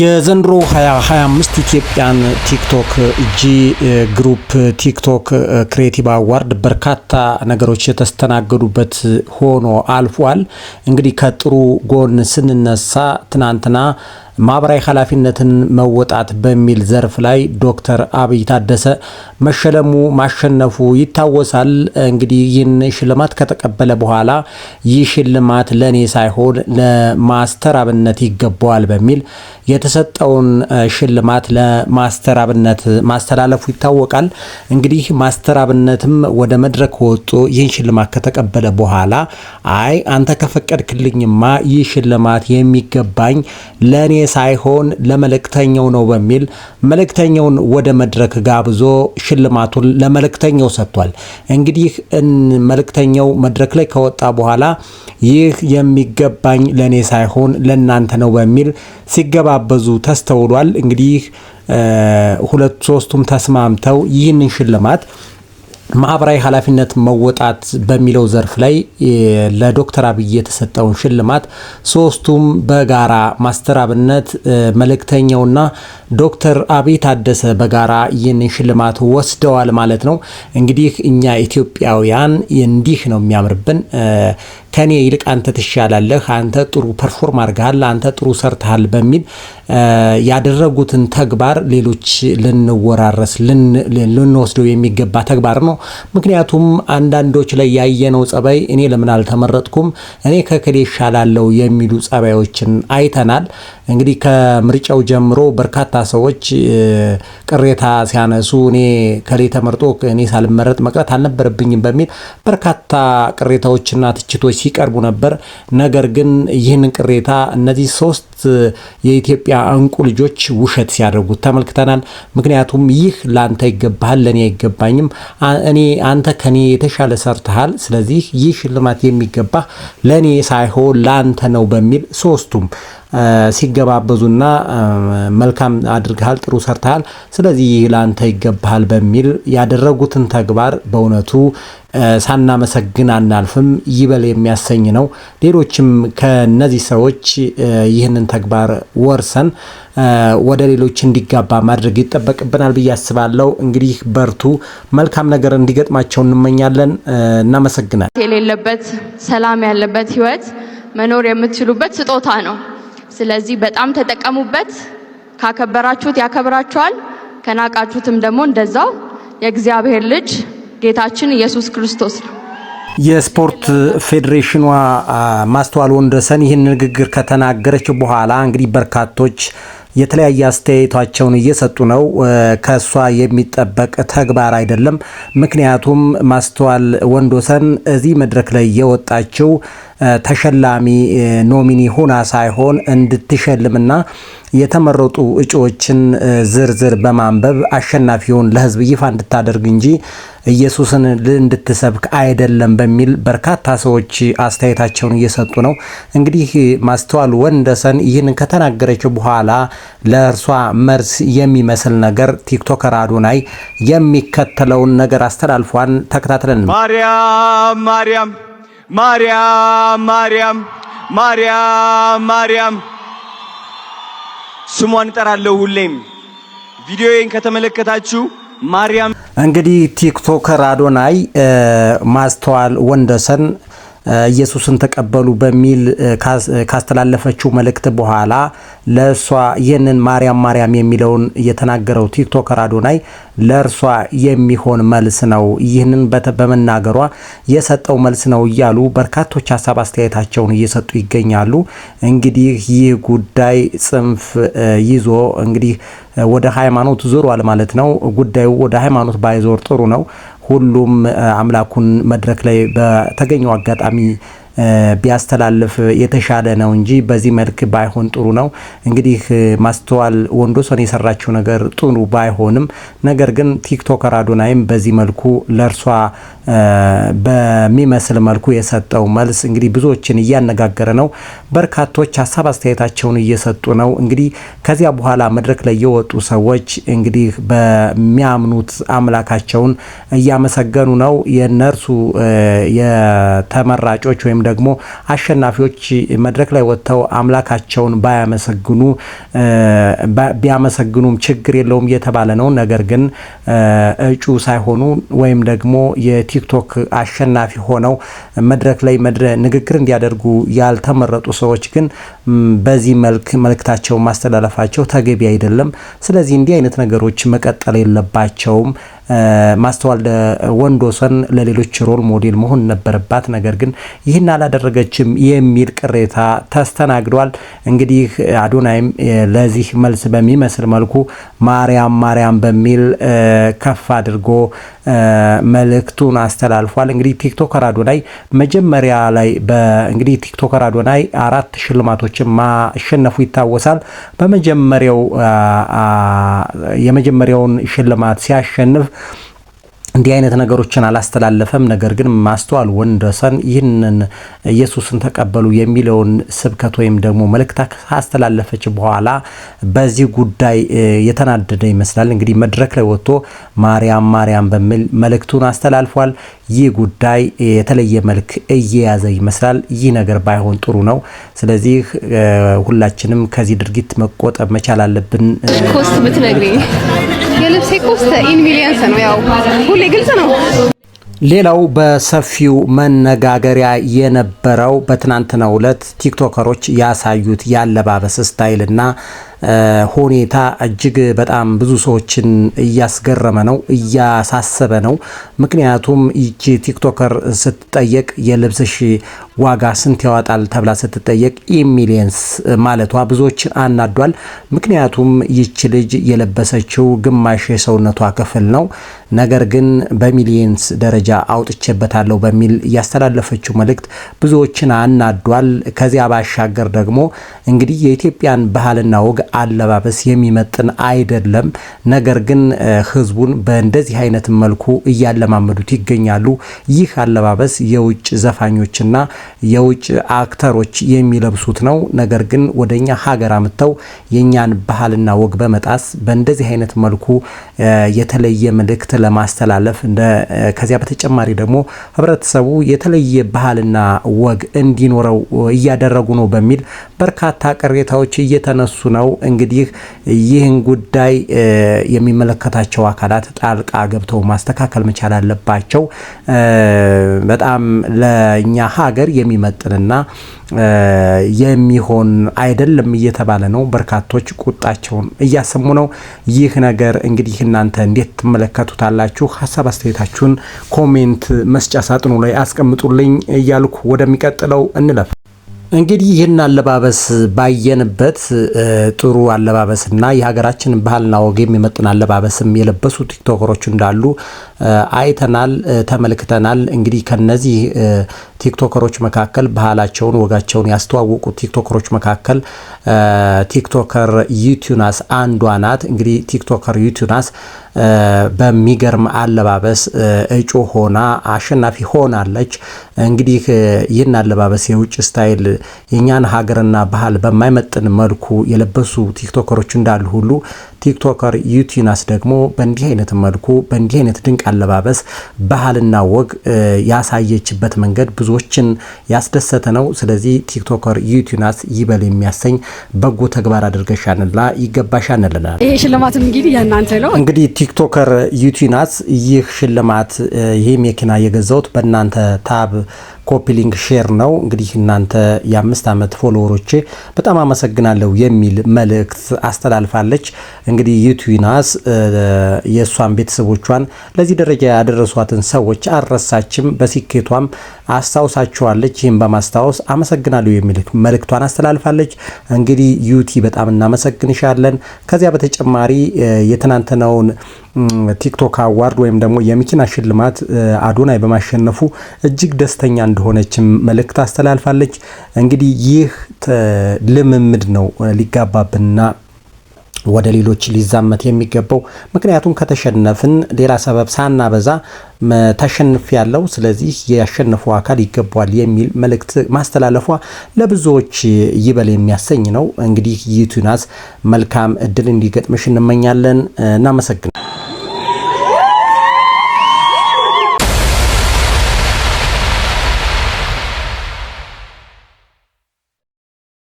የዘንድሮ 2025 ኢትዮጵያን ቲክቶክ ጂ ግሩፕ ቲክቶክ ክሬቲቭ አዋርድ በርካታ ነገሮች የተስተናገዱበት ሆኖ አልፏል። እንግዲህ ከጥሩ ጎን ስንነሳ ትናንትና ማህበራዊ ኃላፊነትን መወጣት በሚል ዘርፍ ላይ ዶክተር አብይ ታደሰ መሸለሙ ማሸነፉ ይታወሳል። እንግዲህ ይህን ሽልማት ከተቀበለ በኋላ ይህ ሽልማት ለእኔ ሳይሆን ለማስተር አብነት ይገባዋል በሚል የተሰጠውን ሽልማት ለማስተር አብነት ማስተላለፉ ይታወቃል። እንግዲህ ማስተር አብነትም ወደ መድረክ ወጡ ይህን ሽልማት ከተቀበለ በኋላ አይ አንተ ከፈቀድክልኝማ ይህ ሽልማት የሚገባኝ ለእኔ ሳይሆን ለመልእክተኛው ነው በሚል መልእክተኛውን ወደ መድረክ ጋብዞ ሽልማቱን ለመልእክተኛው ሰጥቷል። እንግዲህ መልእክተኛው መድረክ ላይ ከወጣ በኋላ ይህ የሚገባኝ ለእኔ ሳይሆን ለእናንተ ነው በሚል ሲገባበዙ ተስተውሏል። እንግዲህ ሁለት ሶስቱም ተስማምተው ይህንን ሽልማት ማህበራዊ ኃላፊነት መወጣት በሚለው ዘርፍ ላይ ለዶክተር አብይ የተሰጠውን ሽልማት ሶስቱም በጋራ ማስተር አብነት መልእክተኛውና ዶክተር አብይ ታደሰ በጋራ ይህንን ሽልማት ወስደዋል ማለት ነው። እንግዲህ እኛ ኢትዮጵያውያን እንዲህ ነው የሚያምርብን። ከኔ ይልቅ አንተ ትሻላለህ፣ አንተ ጥሩ ፐርፎርም አድርገሃል፣ አንተ ጥሩ ሰርተሃል በሚል ያደረጉትን ተግባር ሌሎች ልንወራረስ ልንወስደው የሚገባ ተግባር ነው። ምክንያቱም አንዳንዶች ላይ ያየነው ጸባይ እኔ ለምን አልተመረጥኩም፣ እኔ ከክሌ ይሻላለው የሚሉ ጸባዮችን አይተናል። እንግዲህ ከምርጫው ጀምሮ በርካታ ሰዎች ቅሬታ ሲያነሱ እኔ ከሌ ተመርጦ እኔ ሳልመረጥ መቅረት አልነበረብኝም በሚል በርካታ ቅሬታዎችና ትችቶች ሲቀርቡ ነበር። ነገር ግን ይህንን ቅሬታ እነዚህ ሶስት የኢትዮጵያ እንቁ ልጆች ውሸት ሲያደርጉት ተመልክተናል። ምክንያቱም ይህ ለአንተ ይገባሃል፣ ለእኔ አይገባኝም፣ እኔ አንተ ከኔ የተሻለ ሰርተሃል፣ ስለዚህ ይህ ሽልማት የሚገባህ ለእኔ ሳይሆን ለአንተ ነው በሚል ሶስቱም ሲገባበዙና መልካም አድርገሃል፣ ጥሩ ሰርተሃል፣ ስለዚህ ይህ ለአንተ ይገባሃል በሚል ያደረጉትን ተግባር በእውነቱ ሳናመሰግን አናልፍም ይበል የሚያሰኝ ነው። ሌሎችም ከነዚህ ሰዎች ይህንን ተግባር ወርሰን ወደ ሌሎች እንዲጋባ ማድረግ ይጠበቅብናል ብዬ አስባለሁ። እንግዲህ በርቱ፣ መልካም ነገር እንዲገጥማቸው እንመኛለን። እናመሰግናል። የሌለበት ሰላም ያለበት ህይወት መኖር የምትችሉበት ስጦታ ነው። ስለዚህ በጣም ተጠቀሙበት። ካከበራችሁት ያከብራችኋል፣ ከናቃችሁትም ደግሞ እንደዛው የእግዚአብሔር ልጅ ጌታችን ኢየሱስ ክርስቶስ ነው። የስፖርት ፌዴሬሽኗ ማስተዋል ወንደሰን ይህን ንግግር ከተናገረች በኋላ እንግዲህ በርካቶች የተለያየ አስተያየታቸውን እየሰጡ ነው። ከእሷ የሚጠበቅ ተግባር አይደለም። ምክንያቱም ማስተዋል ወንዶሰን እዚህ መድረክ ላይ የወጣችው ተሸላሚ ኖሚኒ ሆና ሳይሆን እንድትሸልምና የተመረጡ እጩዎችን ዝርዝር በማንበብ አሸናፊውን ለሕዝብ ይፋ እንድታደርግ እንጂ ኢየሱስን እንድትሰብክ አይደለም በሚል በርካታ ሰዎች አስተያየታቸውን እየሰጡ ነው። እንግዲህ ማስተዋል ወንደሰን ይህንን ከተናገረችው በኋላ ለእርሷ መርስ የሚመስል ነገር ቲክቶከር አዶናይ የሚከተለውን ነገር አስተላልፏን ተከታትለን ማርያም ማርያም ማርያም ማርያም ማርያም ማርያም ስሟን እጠራለሁ ሁሌም። ቪዲዮዬን ከተመለከታችሁ ማርያም እንግዲህ ቲክቶከር አዶናይ ማስተዋል ወንደሰን ኢየሱስን ተቀበሉ በሚል ካስተላለፈችው መልእክት በኋላ ለእርሷ ይህንን ማርያም ማርያም የሚለውን የተናገረው ቲክቶከር አዶናይ ለእርሷ የሚሆን መልስ ነው፣ ይህንን በመናገሯ የሰጠው መልስ ነው እያሉ በርካቶች ሀሳብ አስተያየታቸውን እየሰጡ ይገኛሉ። እንግዲህ ይህ ጉዳይ ጽንፍ ይዞ እንግዲህ ወደ ሃይማኖት ዞሯል ማለት ነው። ጉዳዩ ወደ ሃይማኖት ባይዞር ጥሩ ነው። ሁሉም አምላኩን መድረክ ላይ በተገኘው አጋጣሚ ቢያስተላልፍ የተሻለ ነው እንጂ በዚህ መልክ ባይሆን ጥሩ ነው። እንግዲህ ማስተዋል ወንዶሰን የሰራችው ነገር ጥሩ ባይሆንም ነገር ግን ቲክቶከር አዶናይም በዚህ መልኩ ለእርሷ በሚመስል መልኩ የሰጠው መልስ እንግዲህ ብዙዎችን እያነጋገረ ነው። በርካቶች ሀሳብ አስተያየታቸውን እየሰጡ ነው። እንግዲህ ከዚያ በኋላ መድረክ ላይ የወጡ ሰዎች እንግዲህ በሚያምኑት አምላካቸውን እያመሰገኑ ነው። የነርሱ የተመራጮች ወይም ደግሞ አሸናፊዎች መድረክ ላይ ወጥተው አምላካቸውን ባያመሰግኑ ቢያመሰግኑም ችግር የለውም እየተባለ ነው። ነገር ግን እጩ ሳይሆኑ ወይም ደግሞ የቲክቶክ አሸናፊ ሆነው መድረክ ላይ ንግግር እንዲያደርጉ ያልተመረጡ ሰዎች ግን በዚህ መልክ መልእክታቸውን ማስተላለፋቸው ተገቢ አይደለም። ስለዚህ እንዲህ አይነት ነገሮች መቀጠል የለባቸውም። ማስተዋል ወንዶሰን ለሌሎች ሮል ሞዴል መሆን ነበረባት፣ ነገር ግን ይህን አላደረገችም የሚል ቅሬታ ተስተናግዷል። እንግዲህ አዶናይም ለዚህ መልስ በሚመስል መልኩ ማርያም ማርያም በሚል ከፍ አድርጎ መልእክቱን አስተላልፏል። እንግዲህ ቲክቶከር አዶናይ መጀመሪያ ላይ እንግዲህ ቲክቶከር አዶናይ አራት ሽልማቶችን ማሸነፉ ይታወሳል። በመጀመሪያው የመጀመሪያውን ሽልማት ሲያሸንፍ እንዲህ አይነት ነገሮችን አላስተላለፈም። ነገር ግን ማስተዋል ወንደሰን ይህንን ኢየሱስን ተቀበሉ የሚለውን ስብከት ወይም ደግሞ መልእክት ካስተላለፈች በኋላ በዚህ ጉዳይ የተናደደ ይመስላል። እንግዲህ መድረክ ላይ ወጥቶ ማርያም ማርያም በሚል መልእክቱን አስተላልፏል። ይህ ጉዳይ የተለየ መልክ እየያዘ ይመስላል። ይህ ነገር ባይሆን ጥሩ ነው። ስለዚህ ሁላችንም ከዚህ ድርጊት መቆጠብ መቻል አለብን። ኮስት ብትነግሪኝ የልብሴ ኮስት ኢን ሚሊየንስ ነው። ያው ሁሌ ግልጽ ነው። ሌላው በሰፊው መነጋገሪያ የነበረው በትናንትናው ዕለት ቲክቶከሮች ያሳዩት ያለባበስ ስታይልና ሁኔታ እጅግ በጣም ብዙ ሰዎችን እያስገረመ ነው፣ እያሳሰበ ነው። ምክንያቱም ይቺ ቲክቶከር ስትጠየቅ የልብስሽ ዋጋ ስንት ያወጣል ተብላ ስትጠየቅ ኢሚሊየንስ ማለቷ ብዙዎችን አናዷል። ምክንያቱም ይቺ ልጅ የለበሰችው ግማሽ የሰውነቷ ክፍል ነው። ነገር ግን በሚሊየንስ ደረጃ አውጥቼበታለሁ በሚል ያስተላለፈችው መልእክት ብዙዎችን አናዷል። ከዚያ ባሻገር ደግሞ እንግዲህ የኢትዮጵያን ባህልና ወግ አለባበስ የሚመጥን አይደለም። ነገር ግን ህዝቡን በእንደዚህ አይነት መልኩ እያለማመዱት ይገኛሉ። ይህ አለባበስ የውጭ ዘፋኞችና የውጭ አክተሮች የሚለብሱት ነው። ነገር ግን ወደኛ ሀገር አምጥተው የኛን ባህልና ወግ በመጣስ በእንደዚህ አይነት መልኩ የተለየ መልእክት ለማስተላለፍ እንደ ከዚያ በተጨማሪ ደግሞ ህብረተሰቡ የተለየ ባህልና ወግ እንዲኖረው እያደረጉ ነው በሚል በርካታ ቅሬታዎች እየተነሱ ነው። እንግዲህ ይህን ጉዳይ የሚመለከታቸው አካላት ጣልቃ ገብተው ማስተካከል መቻል አለባቸው። በጣም ለእኛ ሀገር የሚመጥንና የሚሆን አይደለም እየተባለ ነው። በርካቶች ቁጣቸውን እያሰሙ ነው። ይህ ነገር እንግዲህ እናንተ እንዴት ትመለከቱታላችሁ? ሀሳብ አስተያየታችሁን ኮሜንት መስጫ ሳጥኑ ላይ አስቀምጡልኝ እያልኩ ወደሚቀጥለው እንለፍ። እንግዲህ ይህን አለባበስ ባየንበት ጥሩ አለባበስና የሀገራችን ባህልና ወግ የሚመጥን አለባበስም የለበሱ ቲክቶከሮች እንዳሉ አይተናል፣ ተመልክተናል። እንግዲህ ከነዚህ ቲክቶከሮች መካከል ባህላቸውን፣ ወጋቸውን ያስተዋወቁ ቲክቶከሮች መካከል ቲክቶከር ዩቲዩናስ አንዷ ናት። እንግዲህ ቲክቶከር ዩቲዩናስ በሚገርም አለባበስ እጩ ሆና አሸናፊ ሆናለች። እንግዲህ ይህን አለባበስ የውጭ ስታይል የእኛን ሀገርና ባህል በማይመጥን መልኩ የለበሱ ቲክቶከሮች እንዳሉ ሁሉ ቲክቶከር ዩቲናስ ደግሞ በእንዲህ አይነት መልኩ በእንዲህ አይነት ድንቅ አለባበስ፣ ባህልና ወግ ያሳየችበት መንገድ ብዙዎችን ያስደሰተ ነው። ስለዚህ ቲክቶከር ዩቲናስ ይበል የሚያሰኝ በጎ ተግባር አድርገሻንላ አንላ ይገባሽ ይሄ ሽልማትም እንግዲህ የእናንተ ነው። እንግዲህ ቲክቶከር ዩቲናስ ይህ ሽልማት ይህ መኪና የገዛሁት በእናንተ ታብ ኮፒሊንግ ሼር ነው። እንግዲህ እናንተ የአምስት ዓመት ፎሎወሮቼ በጣም አመሰግናለሁ የሚል መልእክት አስተላልፋለች። እንግዲህ ዩቲናስ የእሷን ቤተሰቦቿን ለዚህ ደረጃ ያደረሷትን ሰዎች አልረሳችም፣ በስኬቷም አስታውሳችኋለች። ይህም በማስታወስ አመሰግናለሁ የሚል መልእክቷን አስተላልፋለች። እንግዲህ ዩቲ በጣም እናመሰግንሻለን። ከዚያ በተጨማሪ የትናንትናውን ቲክቶክ አዋርድ ወይም ደግሞ የመኪና ሽልማት አዶናይ በማሸነፉ እጅግ ደስተኛ እንደሆነችም መልእክት አስተላልፋለች። እንግዲህ ይህ ልምምድ ነው ሊጋባብንና ወደ ሌሎች ሊዛመት የሚገባው ምክንያቱም ከተሸነፍን ሌላ ሰበብ ሳናበዛ ተሸንፍ ያለው ስለዚህ ያሸነፉ አካል ይገባዋል የሚል መልእክት ማስተላለፏ ለብዙዎች ይበል የሚያሰኝ ነው። እንግዲህ ይቱናስ መልካም እድል እንዲገጥምሽ እንመኛለን። እናመሰግናለን።